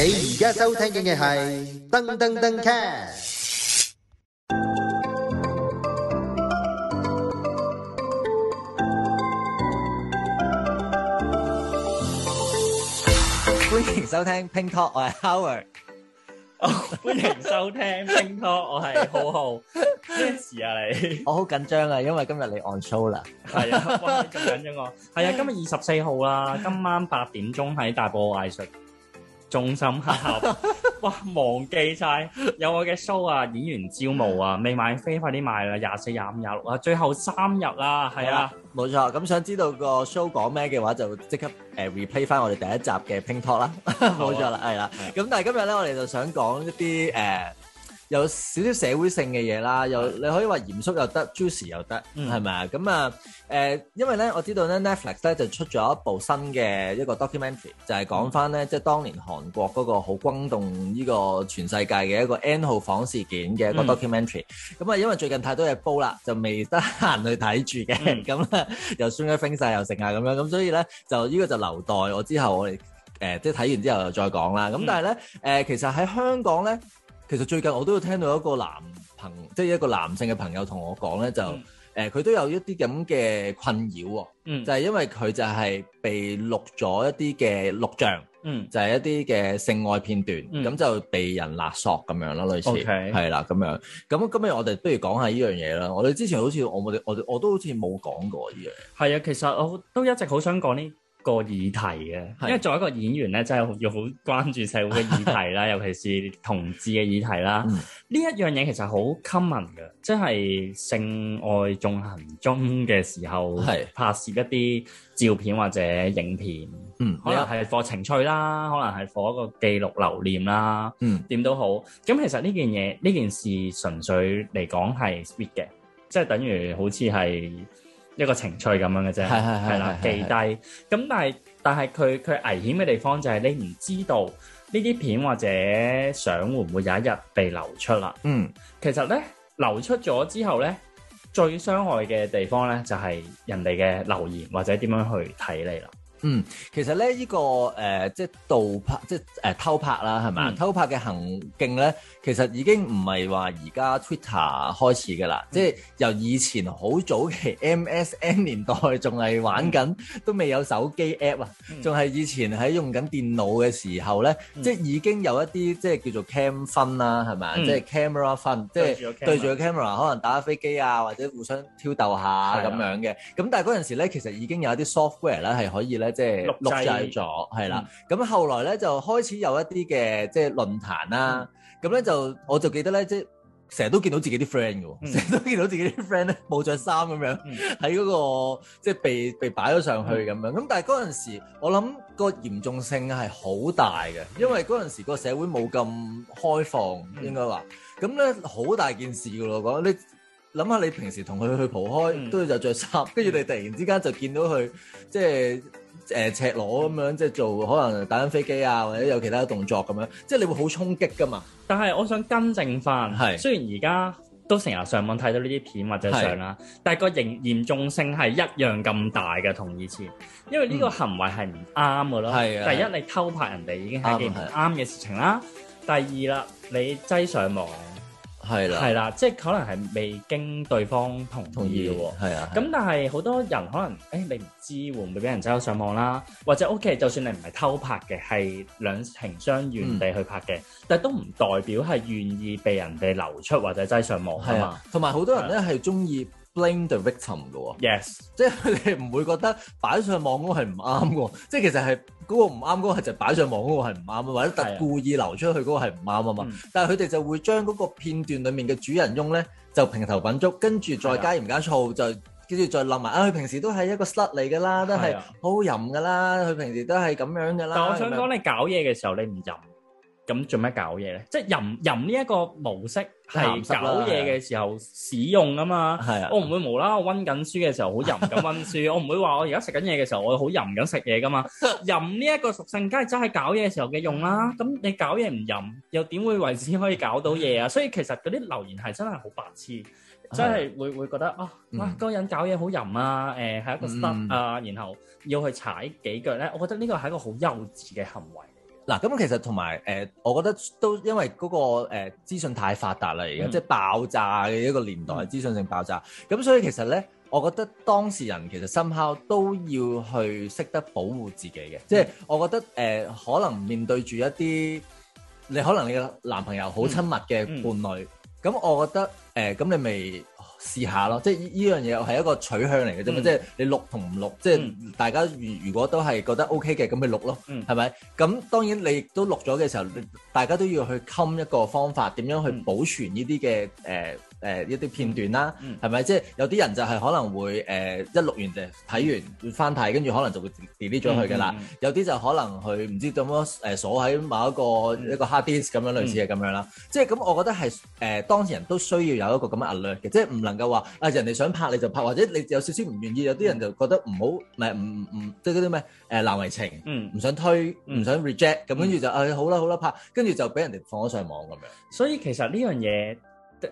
你而家收聽緊嘅係噔噔噔 cast，歡迎收聽拼拖，我係 Howard。哦，歡迎收聽拼拖，我係浩浩。咩事啊你？我好緊張啊，因為今日你 on show 啦。係啊，咁緊張我。係啊，今日二十四號啦，今晚八點鐘喺大埔藝術。中心客戶，哇，忘記曬有我嘅 show 啊，演員招募啊，未買飛，快啲買啦，廿四、廿五、廿六啊，最後三日啦，係啊，冇錯。咁想知道個 show 講咩嘅話，就即刻誒有少少社會性嘅嘢啦，又你可以話嚴肅又得，juicy 又得，係咪啊？咁啊、嗯，誒、呃，因為咧，我知道咧，Netflix 咧就出咗一部新嘅一個 documentary，就係講翻咧，嗯、即係當年韓國嗰個好轟動呢個全世界嘅一個 N 號房事件嘅一個 documentary。咁啊、嗯，因為最近太多嘢煲啦，就未得閒去睇住嘅，咁咧、嗯嗯嗯、又算咗 freeze 又剩啊，咁樣咁，所以咧就呢、呢個就留待我之後我哋誒、呃，即係睇完之後就再講啦。咁但係咧，誒、呃，其實喺香港咧。其實最近我都有聽到一個男朋，即係一個男性嘅朋友同我講咧，就誒佢、嗯呃、都有一啲咁嘅困擾，嗯，就係因為佢就係被錄咗一啲嘅錄像，嗯，就係一啲嘅性愛片段，咁、嗯、就被人勒索咁樣咯，類似，係啦 Okay.，咁樣。咁今日我哋不如講下呢樣嘢啦。我哋之前好似我我哋我都好似冇講過呢樣。係啊，其實我都一直好想講呢。個議題嘅，因為作為一個演員咧，真係要好關注社會嘅議題啦， 尤其是同志嘅議題啦。呢、嗯、一樣嘢其實好 common 嘅，即係性愛進行中嘅時候，係拍攝一啲照片或者影片，嗯，可能係 for 情趣啦，可能係 for 一個記錄留念啦，嗯，點都好。咁其實呢件嘢，呢件事純粹嚟講係 sweet 嘅，即係等於好似係。一個情趣咁樣嘅啫，係啦，記低。咁但係，但係佢佢危險嘅地方就係你唔知道呢啲片或者相會唔會有一日被流出啦。嗯，其實咧流出咗之後咧，最傷害嘅地方咧就係、是、人哋嘅留言或者點樣去睇你啦。嗯，其實咧呢個誒，即係盜拍，即係誒偷拍啦，係嘛？偷拍嘅行徑咧，其實已經唔係話而家 Twitter 開始嘅啦，即係由以前好早期 MSN 年代仲係玩緊，都未有手機 App 啊，仲係以前喺用緊電腦嘅時候咧，即係已經有一啲即係叫做 cam fun 啦，係嘛？即係 camera fun，即係對住個 camera 可能打下飛機啊，或者互相挑逗下咁樣嘅。咁但係嗰陣時咧，其實已經有一啲 software 咧係可以咧。即係錄錄咗，係啦。咁後來咧就開始有一啲嘅即係論壇啦。咁咧就我就記得咧，即係成日都見到自己啲 friend 嘅，成日都見到自己啲 friend 咧冇着衫咁樣，喺嗰個即係被被擺咗上去咁樣。咁但係嗰陣時，我諗個嚴重性係好大嘅，因為嗰陣時個社會冇咁開放，應該話咁咧好大件事噶咯。我講你諗下，你平時同佢去蒲開，都要就着衫，跟住你突然之間就見到佢即係。誒、呃、赤裸咁樣，即係做可能打緊飛機啊，或者有其他動作咁樣，即係你會好衝擊噶嘛？但係我想更正翻，係是雖然而家都成日上網睇到呢啲片或者相啦，是但係個嚴嚴重性係一樣咁大嘅，同以前，因為呢個行為係唔啱嘅咯。係啊、嗯，第一你偷拍人哋已經係件唔啱嘅事情啦，的第二啦你擠上網。係啦，係啦，即係可能係未經對方同意同意嘅喎，係啊。咁但係好多人可能，誒、哎、你唔知會唔會俾人擠咗上網啦，或者 O K，就算你唔係偷拍嘅，係兩情相願地去拍嘅，嗯、但係都唔代表係願意被人哋流出或者擠上網嘛，係啊。同埋好多人咧係中意。blame victim 嘅 yes, Yes . 即係佢哋唔會覺得擺上網嗰個係唔啱嘅。即係其實係嗰個唔啱嗰個係就擺上網嗰個係唔啱，啊、或者特故意流出去嗰個係唔啱啊嘛，嗯、但係佢哋就會將嗰個片段裏面嘅主人翁咧就平頭品足，跟住再加鹽加醋，就跟住再諗埋啊，佢、啊、平時都係一個 slug 嚟噶啦，都係好好淫噶啦，佢、啊、平時都係咁樣噶啦。但我想講你搞嘢嘅時候你，你唔淫。咁做咩搞嘢咧？即係吟吟呢一個模式係搞嘢嘅時候使用啊嘛。係啊的，我唔會無啦啦我溫緊書嘅時候好吟咁溫書， 我唔會話我而家食緊嘢嘅時候我好吟咁食嘢噶嘛。吟呢一個屬性，梗係真係搞嘢嘅時候嘅用啦。咁你搞嘢唔吟，又點會為之可以搞到嘢啊？所以其實嗰啲留言係真係好白痴， 真係會 會覺得啊，哇、啊，嗰個人搞嘢好淫啊！誒、呃，係一個 stub 啊， 然後要去踩幾腳咧。我覺得呢個係一個好幼稚嘅行為。嗱，咁其實同埋誒，我覺得都因為嗰、那個誒、呃、資訊太發達啦，而家、嗯、即係爆炸嘅一個年代，嗯、資訊性爆炸。咁所以其實咧，我覺得當事人其實心口都要去識得保護自己嘅。即、就、係、是、我覺得誒、呃，可能面對住一啲你可能你嘅男朋友好親密嘅伴侶，咁、嗯嗯、我覺得誒，咁、呃、你咪試下咯，即係呢樣嘢係一個取向嚟嘅啫嘛，嗯、即係你錄同唔錄，嗯、即係大家如如果都係覺得 OK 嘅，咁你錄咯，係咪、嗯？咁當然你亦都錄咗嘅時候，大家都要去襟一個方法，點樣去保存呢啲嘅誒，嗯呃誒一啲片段啦，係咪？即係有啲人就係可能會誒一錄完就睇完翻睇，跟住可能就會 delete 咗佢嘅啦。有啲就可能佢唔知點樣誒鎖喺某一個一個 hard disk 咁樣類似係咁樣啦。即係咁，我覺得係誒當事人都需要有一個咁嘅 alert 嘅，即係唔能夠話啊人哋想拍你就拍，或者你有少少唔願意，有啲人就覺得唔好唔唔唔即係嗰啲咩誒難為情，唔想推唔想 reject 咁，跟住就誒好啦好啦拍，跟住就俾人哋放咗上網咁樣。所以其實呢樣嘢。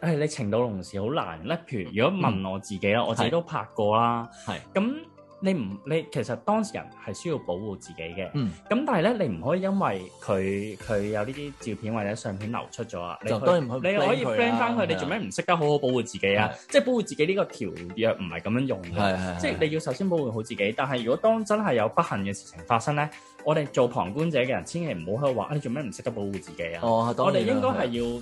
係你情到濃時好難咧。譬如，如果問我自己啦，嗯、我自己都拍過啦。係咁你唔你其實當事人係需要保護自己嘅。嗯。咁但係咧，你唔可以因為佢佢有呢啲照片或者相片流出咗啊。你你可以 friend 翻佢，啊、你做咩唔識得好好保護自己啊？即係是保護自己呢個條約唔係咁樣用嘅。即係你要首先保護好自己。但係如果當真係有不幸嘅事情發生咧。我哋做旁觀者嘅人，千祈唔好去話，你做咩唔識得保護自己啊？哦、我哋應該係要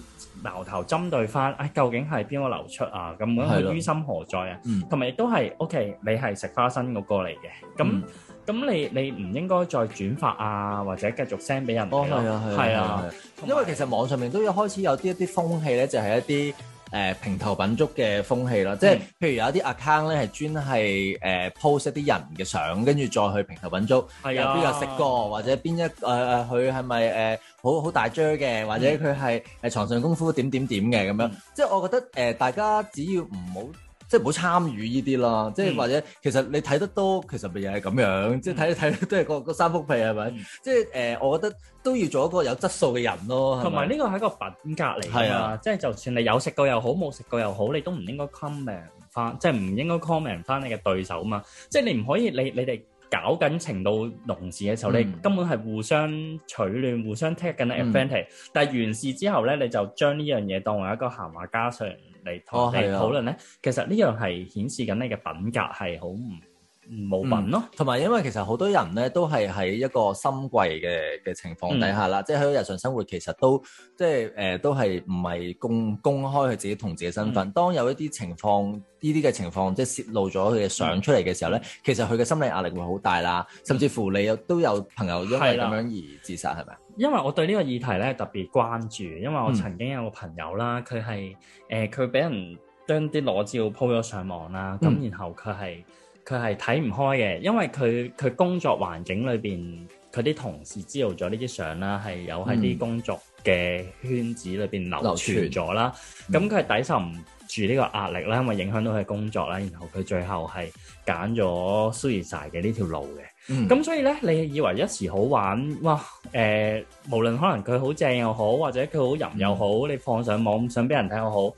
矛頭針對翻，唉、哎，究竟係邊個流出啊？咁樣係於心何在啊？同埋亦都係，OK，你係食花生嗰個嚟嘅，咁咁、嗯、你你唔應該再轉發啊，或者繼續 send 俾人嘅，啊係、哦、啊，因為其實網上面都一開始有啲一啲風氣咧，就係一啲。誒平頭品足嘅風氣咯，即係、嗯、譬如有啲 account 咧係專係誒 post 一啲人嘅相，跟住再去平頭品足，係啊邊個食過或者邊一誒誒佢係咪誒好好大 jar 嘅，或者佢係誒床上功夫點點點嘅咁樣，嗯、即係我覺得誒、呃、大家只要唔好。即係唔好參與呢啲啦，嗯、即係或者其實你睇得多，其實咪又係咁樣，嗯、即係睇睇都係個,個三幅皮係咪？嗯、即係誒、呃，我覺得都要做一個有質素嘅人咯。同埋呢個係一個品格嚟㗎，啊、即係就算你有食過又好，冇食過又好，你都唔應該 comment 返，即係唔應該 comment 返你嘅對手嘛。即係你唔可以，你你哋搞緊情到濃時嘅時候，嗯、你根本係互相取亂、互相 take 緊 advantage。但係完事之後咧，你就將呢樣嘢當為一個閒話家常。嚟同你討論咧，哦、其實呢樣係顯示緊你嘅品格係好唔～冇問咯，同埋、啊嗯、因為其實好多人咧都係喺一個深櫃嘅嘅情況底下啦，嗯、即係喺日常生活其實都即係誒、呃、都係唔係公公開佢自己同性嘅身份。嗯、當有一啲情況呢啲嘅情況即係泄露咗佢嘅相出嚟嘅時候咧，嗯、其實佢嘅心理壓力會好大啦，嗯、甚至乎你有都有朋友因為咁樣而自殺係咪、嗯、吧因為我對呢個議題咧特別關注，因為我曾經有個朋友啦，佢係誒佢俾人將啲裸照 po 咗上網啦，咁然後佢係。佢係睇唔開嘅，因為佢佢工作環境裏邊，佢啲同事知道咗呢啲相啦，係有喺啲工作嘅圈子裏邊流傳咗啦。咁佢係抵受唔住呢個壓力啦，因為影響到佢工作啦。然後佢最後係揀咗消失曬嘅呢條路嘅。咁、嗯、所以呢，你以為一時好玩哇？誒、呃，無論可能佢好正又好，或者佢好淫又好，嗯、你放上網想俾人睇又好。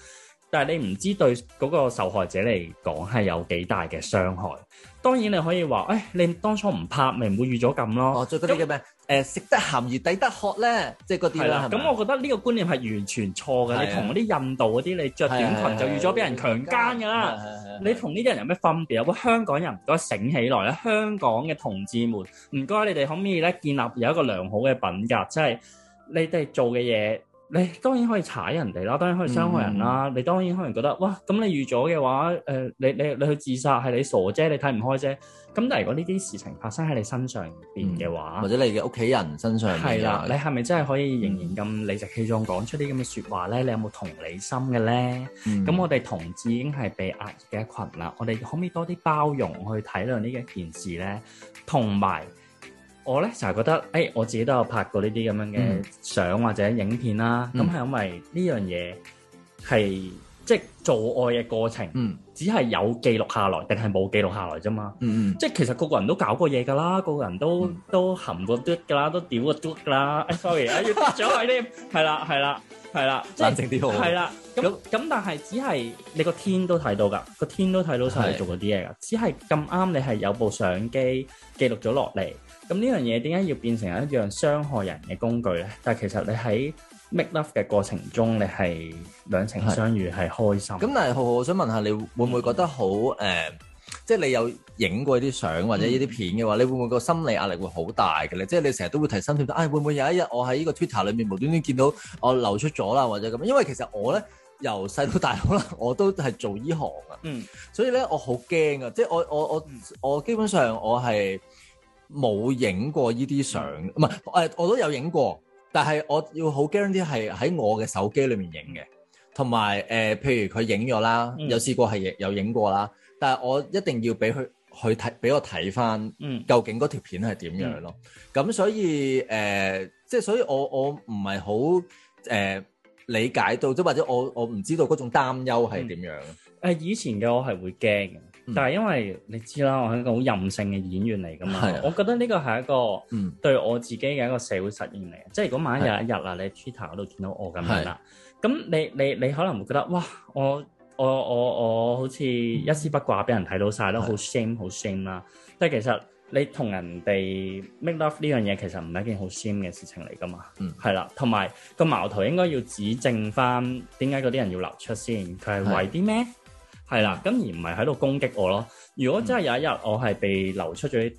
但係你唔知對嗰個受害者嚟講係有幾大嘅傷害。當然你可以話，誒，你當初唔拍，咪唔會預咗咁咯。即係咩？誒，食得鹹魚抵得渴咧，即係嗰啲啦。咁我覺得呢個觀念係完全錯嘅。你同嗰啲印度嗰啲，你著短裙就預咗俾人強姦㗎啦。你同呢啲人有咩分別啊？香港人唔該醒起來咧，香港嘅同志們，唔該你哋可唔可以咧建立有一個良好嘅品格，即係你哋做嘅嘢。你當然可以踩人哋啦，當然可以傷害人啦。嗯、你當然可能覺得哇，咁你預咗嘅話，誒、呃，你你你，你去自殺係你傻啫，你睇唔開啫。咁但係如果呢啲事情發生喺你身上邊嘅話、嗯，或者你嘅屋企人身上邊，係啦、啊，你係咪真係可以仍然咁理直氣壯講出啲咁嘅説話咧？你有冇同理心嘅咧？咁、嗯、我哋同志已經係被壓抑嘅一群啦，我哋可唔可以多啲包容去體諒呢一件事咧？同埋。我呢就係覺得，誒、哎、我自己都有拍過呢啲咁樣嘅相或者影片啦，咁係、嗯、因為呢樣嘢係。即係做愛嘅過程，嗯、只係有記錄下來定係冇記錄下來啫嘛。嗯、即係其實個個人都搞過嘢㗎啦，個個人都、嗯、都含過嘟 o 㗎啦，都屌過嘟 o 㗎啦。s o r r y 我要得咗佢添。係啦，係啦，係啦。冷靜啲係啦。咁咁，但係只係你個天都睇到㗎，個天都睇到晒你做過啲嘢㗎。只係咁啱你係有部相機記錄咗落嚟。咁呢樣嘢點解要變成一樣傷害人嘅工具咧？但係其實你喺 make love 嘅過程中，你係兩情相悅，係是開心。咁，但係浩浩，我想問下，你會唔會覺得好誒、嗯呃？即係你有影過啲相或者呢啲片嘅話，你會唔會個心理壓力會好大嘅咧？嗯、即係你成日都會提心吊膽。唉、哎，會唔會有一日我喺呢個 Twitter 裏面無端端見到我流出咗啦，或者咁？因為其實我咧由細到大，可能、嗯、我都係做依行啊。嗯。所以咧，我好驚啊，即係我我我我，我基本上我係冇影過呢啲相，唔係誒，我都有影過。但係我要好驚啲係喺我嘅手機裏面影嘅，同埋誒，譬如佢影咗啦，嗯、有試過係有影過啦，但係我一定要俾佢去睇，俾我睇返究竟嗰條片係點樣咯。咁、嗯嗯、所以誒、呃，即係所以我我唔係好誒理解到，即或者我我唔知道嗰種擔憂係點樣、嗯呃。以前嘅我係會驚嘅。但係因為你知啦，我係一個好任性嘅演員嚟噶嘛，啊、我覺得呢個係一個對我自己嘅一個社會實驗嚟嘅。即係如果萬有一日啊，啊你 Twitter 嗰度見到我咁樣啦，咁、啊、你你你可能會覺得哇，我我我我好似一絲不掛俾人睇到晒，都好 shame，好 shame 啦、啊。啊、但係其實你同人哋 make love 呢樣嘢其實唔係一件好 shame 嘅事情嚟噶嘛，係啦、啊。同埋個矛頭應該要指正翻點解嗰啲人要流出先，佢係為啲咩？係啦，咁而唔係喺度攻擊我咯。如果真係有一日我係被流出咗啲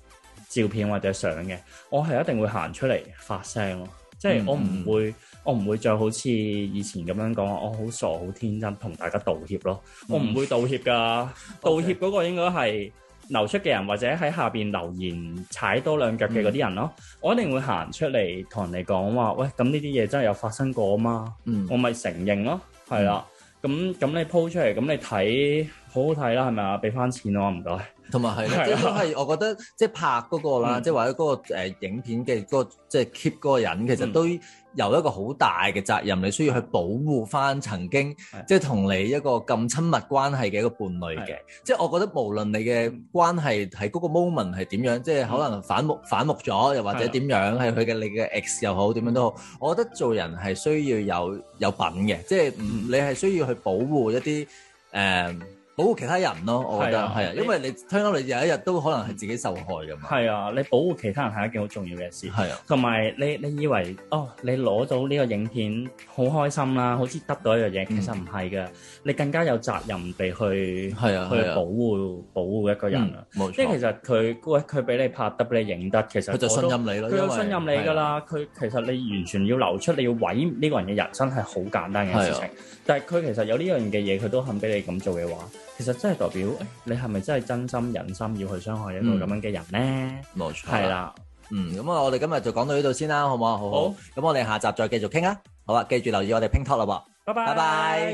照片或者相嘅，我係一定會行出嚟發聲咯。即係我唔會，嗯嗯我唔會再好似以前咁樣講話，我好傻好天真，同大家道歉咯。嗯、我唔會道歉㗎。Okay. 道歉嗰個應該係流出嘅人或者喺下邊留言踩多兩腳嘅嗰啲人咯。嗯、我一定會行出嚟同人哋講話，喂，咁呢啲嘢真係有發生過嘛？嗯、我咪承認咯，係啦、嗯。嗯 咁咁你鋪出嚟，咁你睇，好好睇啦，係咪啊？俾翻錢我，唔該。同埋係， 即係我覺得即係拍嗰個啦，嗯、即係或者嗰、嗰個、呃、影片嘅嗰、嗰個即係 keep 嗰個人，其實都有一個好大嘅責任，嗯、你需要去保護翻曾經、嗯、即係同你一個咁親密關係嘅一個伴侶嘅。嗯、即係我覺得無論你嘅關係喺嗰個 moment 係點樣，嗯、即係可能反目反目咗，又或者點樣，係佢嘅你嘅 ex 又好，點樣都好，我覺得做人係需要有有品嘅，即係唔你係需要去保護一啲誒。嗯保護其他人咯，我覺得係啊，因為你推到你有一日都可能係自己受害㗎嘛。係啊，你保護其他人係一件好重要嘅事。係啊，同埋你，你以為哦，你攞到呢個影片好開心啦，好似得到一樣嘢，其實唔係嘅。你更加有責任地去係啊去保護保護一個人啊。冇錯即係其實佢喂佢俾你拍得俾你影得，其實佢就信任你咯。佢就信任你㗎啦。佢其實你完全要流出，你要毀呢個人嘅人生係好簡單嘅事情。但係佢其實有呢樣嘅嘢，佢都肯俾你咁做嘅話。其實真係代表，你係咪真係真心忍心要去傷害一個咁樣嘅人咧？冇錯，係啦，嗯，咁啊，錯了嗯、我哋今日就講到呢度先啦，好冇？好，咁好我哋下集再繼續傾啦，好啊，記住留意我哋 Ping Talk 啦，啵，拜拜，拜拜。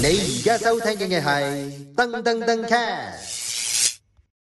你而家收聽嘅係噔噔噔卡